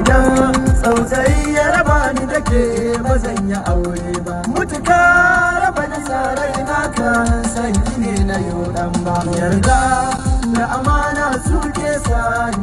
idan tsautsayi ya raba ni da ke ba zan yi aure ba mutuka raba na tsarar sanyi ne na yau dan ba yarda da amana su ke sa